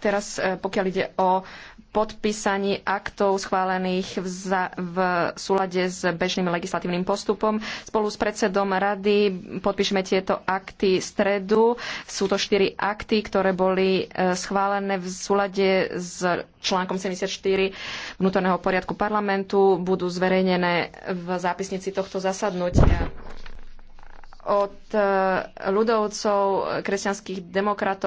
teraz, e, pokiaľ ide o podpísaní aktov schválených v, za, v súlade s bežným legislatívnym postupom. Spolu s predsedom rady podpíšeme tieto akty stredu. Sú to štyri akty, ktoré boli e, schválené v súlade s článkom 74 vnútorného poriadku parlamentu. Budú zverejnené v zápisnici tohto zasadnutia od e, ľudovcov, kresťanských demokratov,